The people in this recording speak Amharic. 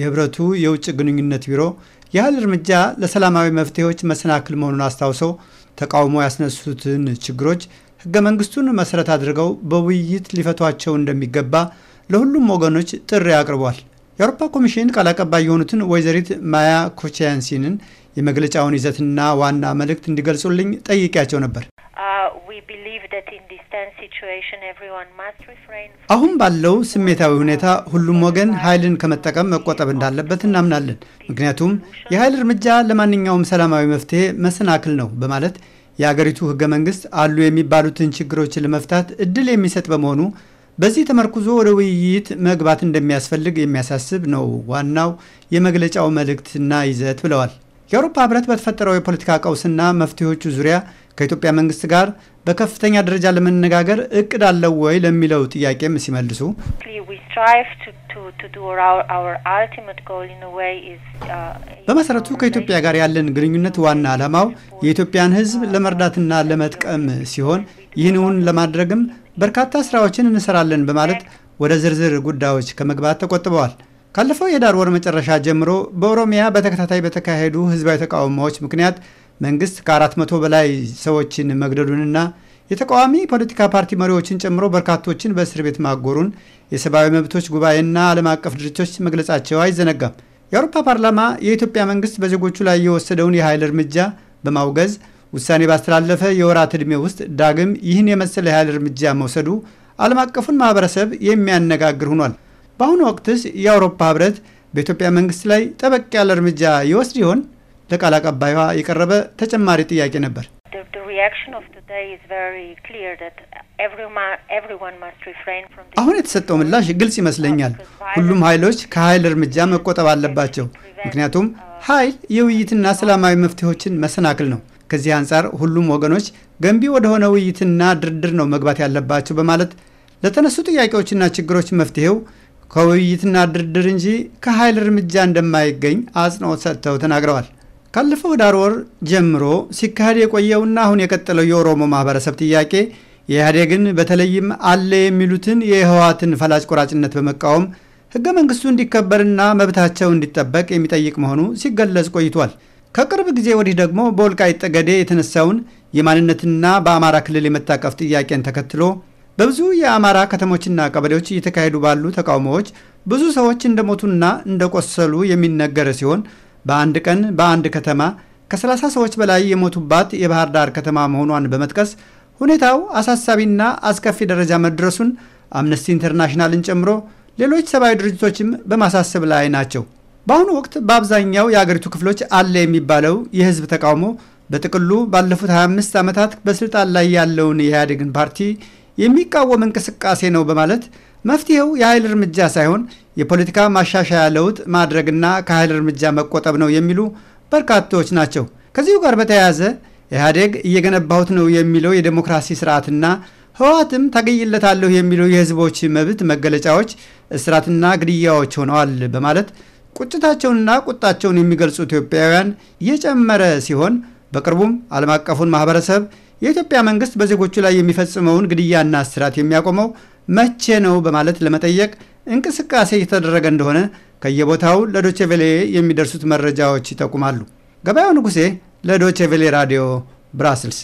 የህብረቱ የውጭ ግንኙነት ቢሮ ያህል እርምጃ ለሰላማዊ መፍትሄዎች መሰናክል መሆኑን አስታውሰው ተቃውሞ ያስነሱትን ችግሮች ህገ መንግስቱን መሰረት አድርገው በውይይት ሊፈቷቸው እንደሚገባ ለሁሉም ወገኖች ጥሪ አቅርቧል። የአውሮፓ ኮሚሽን ቃል አቀባይ የሆኑትን ወይዘሪት ማያ ኮቻያንሲንን የመግለጫውን ይዘትና ዋና መልእክት እንዲገልጹልኝ ጠይቄያቸው ነበር። አሁን ባለው ስሜታዊ ሁኔታ ሁሉም ወገን ኃይልን ከመጠቀም መቆጠብ እንዳለበት እናምናለን። ምክንያቱም የኃይል እርምጃ ለማንኛውም ሰላማዊ መፍትሄ መሰናክል ነው በማለት የአገሪቱ ህገ መንግስት አሉ የሚባሉትን ችግሮችን ለመፍታት እድል የሚሰጥ በመሆኑ በዚህ ተመርኩዞ ወደ ውይይት መግባት እንደሚያስፈልግ የሚያሳስብ ነው ዋናው የመግለጫው መልእክትና ይዘት ብለዋል። የአውሮፓ ህብረት በተፈጠረው የፖለቲካ ቀውስና መፍትሄዎቹ ዙሪያ ከኢትዮጵያ መንግስት ጋር በከፍተኛ ደረጃ ለመነጋገር እቅድ አለው ወይ ለሚለው ጥያቄም ሲመልሱ uh, በመሰረቱ ከኢትዮጵያ ጋር ያለን ግንኙነት ዋና ዓላማው የኢትዮጵያን ሕዝብ ለመርዳትና ለመጥቀም ሲሆን ይህንውን ለማድረግም በርካታ ስራዎችን እንሰራለን በማለት ወደ ዝርዝር ጉዳዮች ከመግባት ተቆጥበዋል። ካለፈው የዳር ወር መጨረሻ ጀምሮ በኦሮሚያ በተከታታይ በተካሄዱ ህዝባዊ ተቃውሞዎች ምክንያት መንግስት ከአራት መቶ በላይ ሰዎችን መግደሉንና የተቃዋሚ ፖለቲካ ፓርቲ መሪዎችን ጨምሮ በርካቶችን በእስር ቤት ማጎሩን የሰብአዊ መብቶች ጉባኤና ዓለም አቀፍ ድርጅቶች መግለጻቸው አይዘነጋም። የአውሮፓ ፓርላማ የኢትዮጵያ መንግስት በዜጎቹ ላይ የወሰደውን የኃይል እርምጃ በማውገዝ ውሳኔ ባስተላለፈ የወራት ዕድሜ ውስጥ ዳግም ይህን የመሰለ የኃይል እርምጃ መውሰዱ ዓለም አቀፉን ማህበረሰብ የሚያነጋግር ሆኗል። በአሁኑ ወቅትስ የአውሮፓ ህብረት በኢትዮጵያ መንግስት ላይ ጠበቅ ያለ እርምጃ ይወስድ ይሆን? ለቃል አቀባይዋ የቀረበ ተጨማሪ ጥያቄ ነበር። አሁን የተሰጠው ምላሽ ግልጽ ይመስለኛል። ሁሉም ኃይሎች ከኃይል እርምጃ መቆጠብ አለባቸው። ምክንያቱም ኃይል የውይይትና ሰላማዊ መፍትሄዎችን መሰናክል ነው። ከዚህ አንጻር ሁሉም ወገኖች ገንቢ ወደሆነ ውይይትና ድርድር ነው መግባት ያለባቸው በማለት ለተነሱ ጥያቄዎችና ችግሮች መፍትሄው ከውይይትና ድርድር እንጂ ከኃይል እርምጃ እንደማይገኝ አጽንኦት ሰጥተው ተናግረዋል። ካለፈው ዳር ወር ጀምሮ ሲካሄድ የቆየውና አሁን የቀጠለው የኦሮሞ ማህበረሰብ ጥያቄ የኢህአዴግን በተለይም አለ የሚሉትን የህወሓትን ፈላጭ ቆራጭነት በመቃወም ህገ መንግስቱ እንዲከበርና መብታቸው እንዲጠበቅ የሚጠይቅ መሆኑ ሲገለጽ ቆይቷል። ከቅርብ ጊዜ ወዲህ ደግሞ በወልቃይት ጠገዴ የተነሳውን የማንነትና በአማራ ክልል የመታቀፍ ጥያቄን ተከትሎ በብዙ የአማራ ከተሞችና ቀበሌዎች እየተካሄዱ ባሉ ተቃውሞዎች ብዙ ሰዎች እንደሞቱና እንደቆሰሉ የሚነገር ሲሆን በአንድ ቀን በአንድ ከተማ ከ30 ሰዎች በላይ የሞቱባት የባህር ዳር ከተማ መሆኗን በመጥቀስ ሁኔታው አሳሳቢና አስከፊ ደረጃ መድረሱን አምነስቲ ኢንተርናሽናልን ጨምሮ ሌሎች ሰብአዊ ድርጅቶችም በማሳሰብ ላይ ናቸው። በአሁኑ ወቅት በአብዛኛው የአገሪቱ ክፍሎች አለ የሚባለው የህዝብ ተቃውሞ በጥቅሉ ባለፉት 25 ዓመታት በስልጣን ላይ ያለውን የኢህአዴግን ፓርቲ የሚቃወም እንቅስቃሴ ነው በማለት መፍትሄው የኃይል እርምጃ ሳይሆን የፖለቲካ ማሻሻያ ለውጥ ማድረግና ከኃይል እርምጃ መቆጠብ ነው የሚሉ በርካቶች ናቸው። ከዚሁ ጋር በተያያዘ ኢህአዴግ እየገነባሁት ነው የሚለው የዴሞክራሲ ስርዓትና ህወሓትም ታገይለታለሁ የሚለው የህዝቦች መብት መገለጫዎች እስራትና ግድያዎች ሆነዋል በማለት ቁጭታቸውንና ቁጣቸውን የሚገልጹ ኢትዮጵያውያን እየጨመረ ሲሆን በቅርቡም ዓለም አቀፉን ማህበረሰብ የኢትዮጵያ መንግስት በዜጎቹ ላይ የሚፈጽመውን ግድያና እስራት የሚያቆመው መቼ ነው በማለት ለመጠየቅ እንቅስቃሴ እየተደረገ እንደሆነ ከየቦታው ለዶቼቬሌ የሚደርሱት መረጃዎች ይጠቁማሉ። ገበያው ንጉሴ ለዶቼቬሌ ራዲዮ ብራስልስ